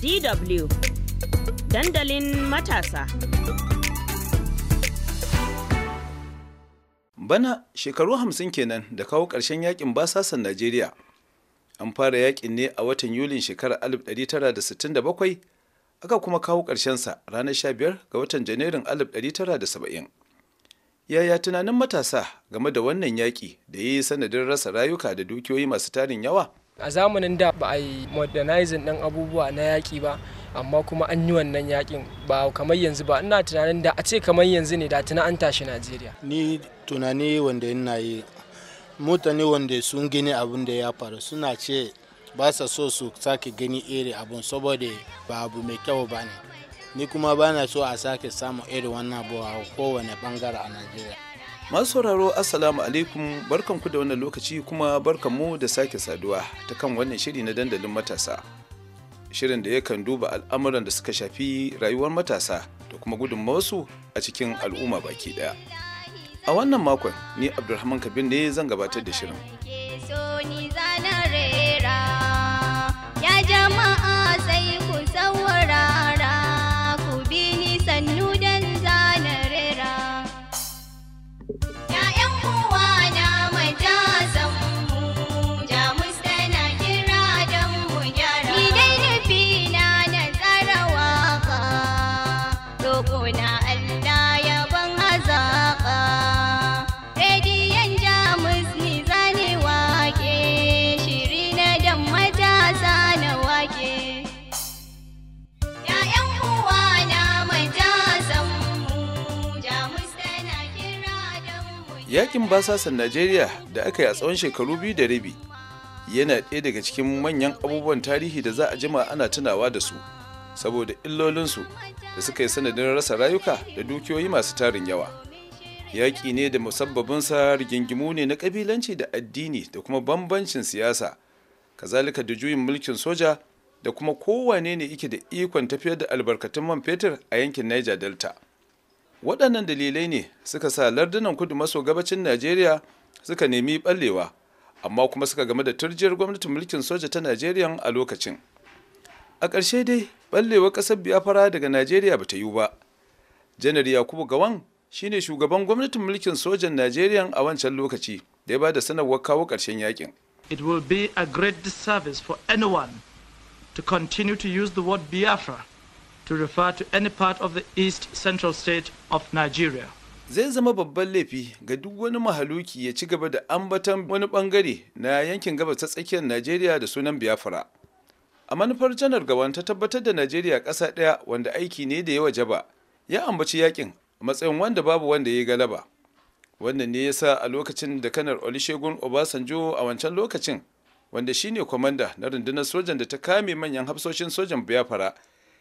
DW dandalin matasa. Bana shekaru hamsin kenan da kawo ƙarshen yakin basasan Najeriya. An fara yakin ne a watan Yulin shekarar 1967 aka kuma kawo ƙarshensa ranar 15 ga watan Janairun 1970. Yaya tunanin matasa game da wannan yaƙi da ya yi sanadin rasa rayuka da dukiyoyi masu tarin yawa? a zamanin da ba a yi modernizing ɗin abubuwa na yaƙi ba amma kuma an yi wannan yaƙin ba kamar yanzu ba ina tunanin da a ce kamar yanzu ne da tuna an tashi najeriya ni tunani wanda ina yi mutane wanda sun gani abin da ya faru suna ce ba sa so su sake gani iri abun saboda ba abu mai kyau ba ne ni kuma ba na so a sake samun iri wannan abu a kowane bangare a najeriya masu sauraro assalamu alaikum ku da wannan lokaci kuma barkanmu da sake saduwa ta kan wannan shiri na dandalin matasa shirin da yakan duba al'amuran da suka shafi rayuwar matasa da kuma gudunmawarsu a cikin al'umma baki daya a wannan makon ni abdulrahman kabir ne zan gabatar da shirin yakin basasan najeriya da aka yi a tsawon shekaru biyu da rabi yana ɗaya daga cikin manyan abubuwan tarihi da za a jima ana tunawa da su saboda illolinsu da suka yi sanadin rasa rayuka da dukiyoyi masu tarin yawa yaƙi ne da musabbabinsa rigingimu ne na ƙabilanci da addini da kuma bambancin siyasa kazalika da juyin mulkin soja da kuma kowane ne yake da ikon tafiyar da albarkatun man fetur a yankin niger delta waɗannan dalilai ne suka sa lardunan kudu maso gabacin najeriya suka nemi ɓallewa amma kuma suka game da turjiyar gwamnatin mulkin soja ta najeriya a lokacin a ƙarshe dai ɓallewar ƙasar biafra daga najeriya ba ta yiwu ba janar yakubu gawan shine shugaban gwamnatin mulkin sojan najeriya a wancan lokaci da ya ba da sanarwar kawo ƙarshen yakin it will be a great disservice for anyone to continue to use the word biafra to refer to any part of the east central state of Nigeria. Zai zama babban laifi ga duk wani mahaluki ya ci gaba da ambaton wani bangare na yankin gabas ta tsakiyar Najeriya da sunan Biafra. A manufar janar gaban ta tabbatar da Najeriya ƙasa ɗaya wanda aiki ne da ya jaba ya ambaci yakin a matsayin wanda babu wanda ya galaba. Wannan ne ya sa a lokacin da kanar Olusegun Obasanjo a wancan lokacin wanda shine kwamanda na rundunar sojan da ta kame manyan hafsoshin sojan Biafra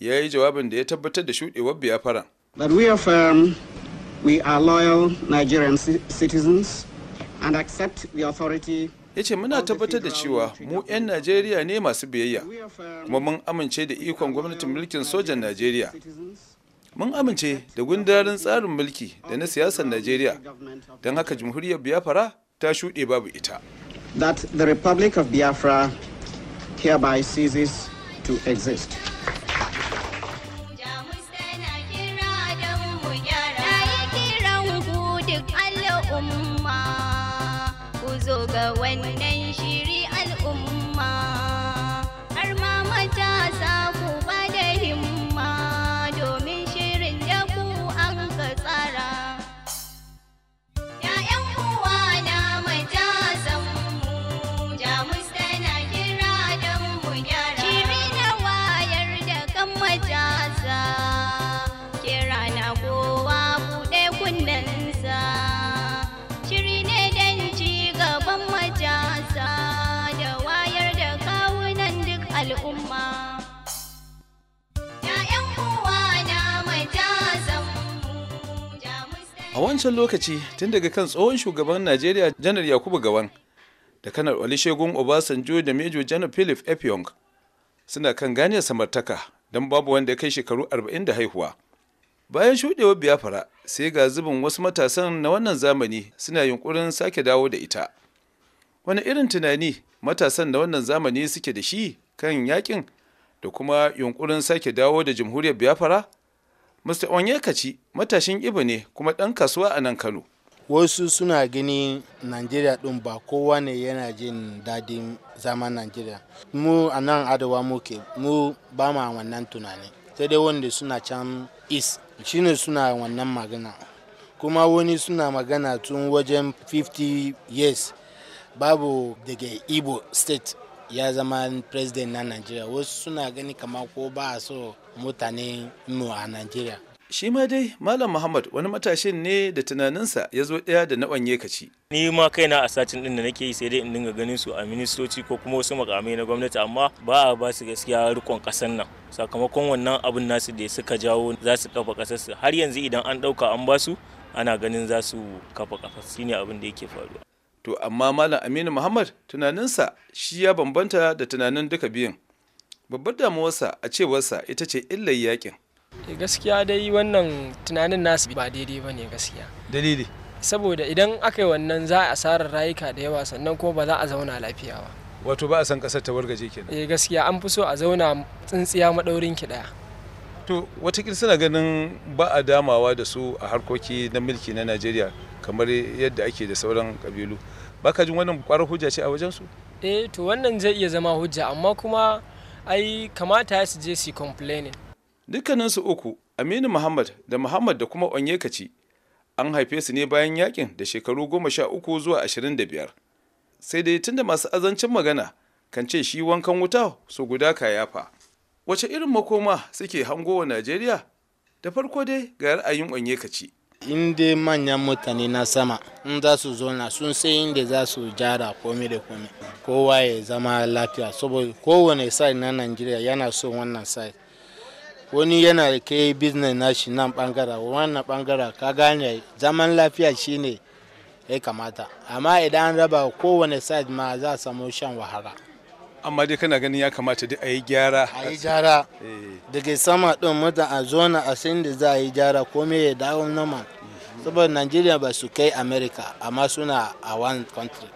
ya yi jawabin da ya tabbatar da shuɗewar biyafara. But we affirm we are loyal Nigerian citizens and accept the authority ya ce muna tabbatar da cewa mu 'yan najeriya ne masu biyayya kuma mun amince da ikon gwamnatin mulkin sojan najeriya mun amince da gundarin tsarin mulki da na siyasar najeriya don haka jamhuriyar biafra ta shuɗe babu ita that the republic of biafra hereby ceases to exist When wannan wancan lokaci tun daga kan tsohon shugaban najeriya janar yakubu gawan da kanar olusegun obasanjo da mejo janar philip epiong suna kan gane samartaka don babu wanda ya kai shekaru arba'in da haihuwa bayan shuɗewar biyafara sai ga zubin wasu matasan na wannan zamani suna yunkurin sake dawo da ita wani irin tunani matasan na wannan zamani suke da shi kan yakin da kuma yunkurin sake dawo da jamhuriyar biyafara Mr. Onyekachi matashin Ibo ne kuma ɗan kasuwa a nan Kano. Wasu suna gani Najeriya ɗin ba kowa ne yana jin dadin zaman Najeriya. Mu a nan Adawa muke, mu ba ma wannan tunani. Sai dai wanda suna can East, ne suna wannan magana. Kuma wani suna magana tun wajen 50 years babu daga ibo state ya zama president na Najeriya. Wasu suna gani kama ko ba so mutane mu a Najeriya. Shi ma dai Malam Muhammad wani matashin ne da tunaninsa ya zo ɗaya da na wanye kaci. Ni ma kaina a satin ɗin da nake yi sai dai in dinga ganin su a ministoci ko kuma wasu makamai na gwamnati amma ba a ba su gaskiya rikon ƙasar nan. Sakamakon wannan abin nasu da suka jawo za su kafa su har yanzu idan an ɗauka an basu ana ganin za su kafa ƙasar shi ne abin da yake faruwa. To amma Malam Aminu Muhammad tunaninsa shi ya bambanta da tunanin duka biyun. babbar damuwarsa a cewarsa ita ce illar yakin eh, gaskiya dai wannan tunanin nasu ba daidai ba ne gaskiya dalili saboda idan aka yi wannan za a asarar rayuka da yawa sannan kuma ba za a zauna lafiya ba wato ba a san kasar ta wargaje kenan eh gaskiya an fi so a zauna tsintsiya madaurin ki daya to watakila suna ganin ba a damawa da su a harkoki na mulki na najeriya kamar yadda ake da sauran kabilu ba ka jin wannan kwarar hujja ce a wajen su eh to wannan zai iya zama hujja amma kuma ai kamata ya su je su complaining dukkaninsu uku aminu muhammad da muhammad da kuma onyekaci an haife su ne bayan yakin da shekaru goma sha uku zuwa ashirin da biyar sai dai tun da masu azancin magana kan ce shi wankan wuta su guda kayafa. wace irin makoma suke hango wa najeriya da farko dai ga ra'ayin onyekaci inda manyan mutane na sama in za su zauna sun sai inda za su jara komai da komai kowa ya zama lafiya saboda kowane sai na najeriya yana so wannan sai wani yana kai business shi nan bangara wannan bangara ka gane zaman lafiya shine ya kamata amma idan raba kowane side ma za a samu shan wahala amma dai kana ganin ya kamata dai a yi gyara a yi gyara eh. daga sama ɗin mutum a zona a san da za a yi gyara komai ya dawo nama saboda nigeria ba su kai america amma suna a one country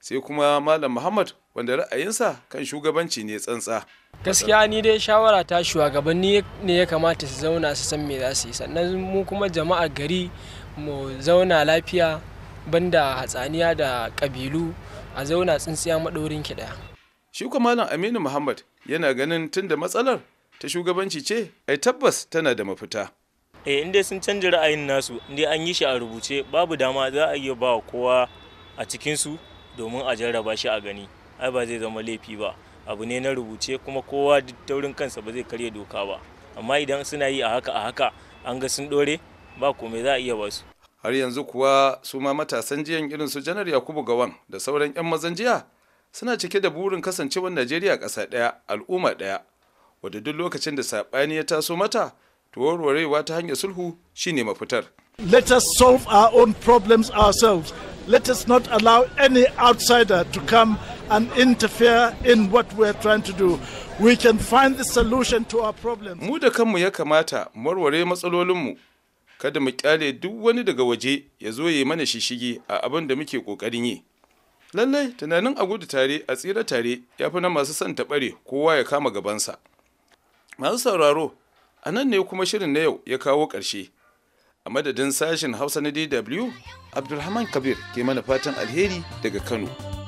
sai kuma malam muhammad wanda ra'ayinsa kan shugabanci ne tsantsa gaskiya ni dai shawara ta shugabanni ne ya kamata su zauna su san me za su yi sannan mu kuma jama'a gari mu zauna lafiya banda hatsaniya da kabilu a zauna tsintsiya maɗorin ki shi kuma malam aminu muhammad yana ganin tun da matsalar ta shugabanci ce ai tabbas tana da mafita eh inda sun canza ra'ayin nasu inda an yi shi a rubuce babu dama za a iya ba kowa a cikin su domin a jarraba shi a gani ai ba zai zama laifi ba abu ne na rubuce kuma kowa duk taurin kansa ba zai karya doka ba amma idan suna yi a haka a haka an ga sun dore ba komai za a iya basu har yanzu kuwa su ma matasan jiyan irin su janar yakubu gawan da sauran 'yan mazan jiya suna cike da burin kasancewar najeriya ƙasa ɗaya al'umma ɗaya wadda duk lokacin da saɓani ya taso mata to warwarewa ta hanyar sulhu shine mafitar let us solve our own problems ourselves let us not allow any outsider to come and interfere in what we are trying to do we can find the solution to our problems mu da kanmu ya kamata mu warware matsalolinmu kada mu kyale duk wani daga waje ya zo ya mana shishige a abin da muke kokarin yi lallai tunanin a gudu tare a tsira tare ya fi na masu son taɓare kowa ya kama gabansa masu sauraro a nan ne kuma shirin na yau ya kawo ƙarshe a madadin sashen hausa na dw abdulrahman kabir ke mana fatan alheri daga kano